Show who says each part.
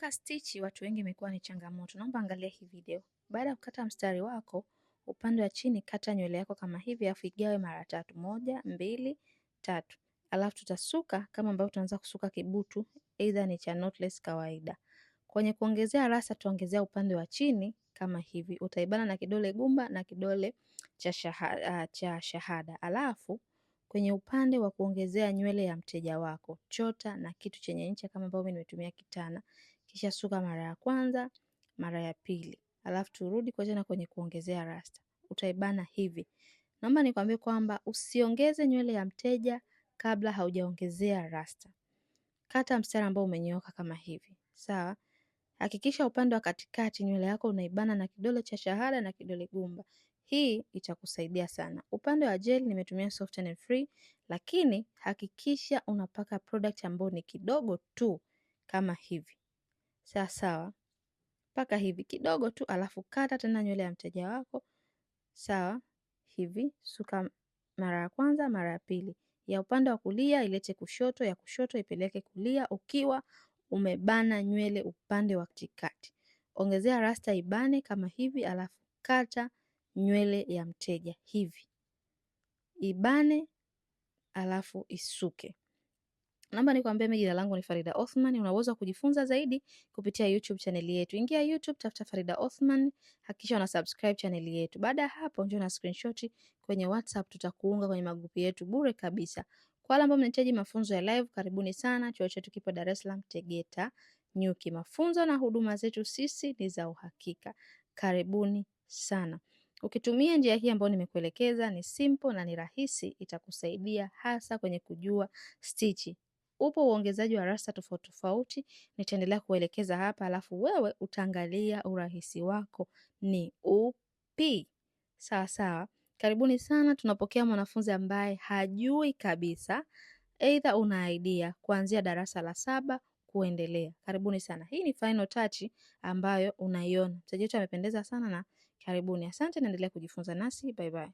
Speaker 1: Kuruka stichi watu wengi imekuwa ni changamoto. Naomba angalia hii video. Baada ya kukata mstari wako upande wa chini, kata nywele yako kama hivi, alafu igawe mara tatu: moja, mbili, tatu. Alafu tutasuka kama ambavyo tunaanza kusuka kibutu, aidha ni cha knotless kawaida. Kwenye kuongezea rasa, tuongezea upande wa chini kama hivi, utaibana na kidole gumba na kidole cha shahada, ah, cha shahada. Alafu Kwenye upande wa kuongezea nywele ya mteja wako, chota na kitu chenye ncha kama ambavyo mimi nimetumia kitana, kisha suka mara ya kwanza, mara ya pili, alafu turudi kwa tena kwenye kuongezea rasta. Utaibana hivi. Naomba nikwambie kwamba usiongeze nywele ya mteja kabla haujaongezea rasta. Kata mstari ambao umenyooka kama hivi, sawa. Hakikisha upande wa katikati nywele yako unaibana na kidole cha shahada na kidole gumba. Hii itakusaidia sana. Upande wa gel nimetumia Soft and Free, lakini hakikisha unapaka product ambayo ni kidogo tu kama hivi. Sawa sawa. Paka hivi kidogo tu alafu kata tena nywele ya mteja wako. Sawa? Hivi suka mara ya kwanza, mara ya pili. Ya upande wa kulia ilete kushoto, ya kushoto ipeleke kulia ukiwa umebana nywele upande wa katikati. Ongezea rasta ibane kama hivi alafu kata nywele ya mteja hivi, ibane alafu isuke.
Speaker 2: Naomba nikwambie mimi jina langu ni Farida Othman. Unaweza kujifunza zaidi kupitia YouTube channel yetu. Ingia YouTube, tafuta Farida Othman, hakikisha una subscribe channel yetu. Baada ya hapo, njoo na screenshot kwenye WhatsApp, tutakuunga kwenye magrupu yetu bure kabisa. Kwa wale ambao mnahitaji mafunzo ya live, karibuni sana. Chuo chetu kipo Dar es Salaam, Tegeta Nyuki. Mafunzo na huduma zetu sisi ni za uhakika. Karibuni sana. Ukitumia njia hii ambayo nimekuelekeza ni simple na ni rahisi, itakusaidia hasa kwenye kujua stichi. Upo uongezaji wa rasta tofauti tofauti, nitaendelea kuelekeza hapa, alafu wewe utaangalia urahisi wako ni upi. Sawa sawa, karibuni sana. Tunapokea mwanafunzi ambaye hajui kabisa, aidha una idea kuanzia darasa la saba kuendelea. Karibuni sana. Hii ni final touch ambayo unaiona. Mteja wetu amependeza sana na karibuni. Asante, naendelea kujifunza nasi. Bye bye.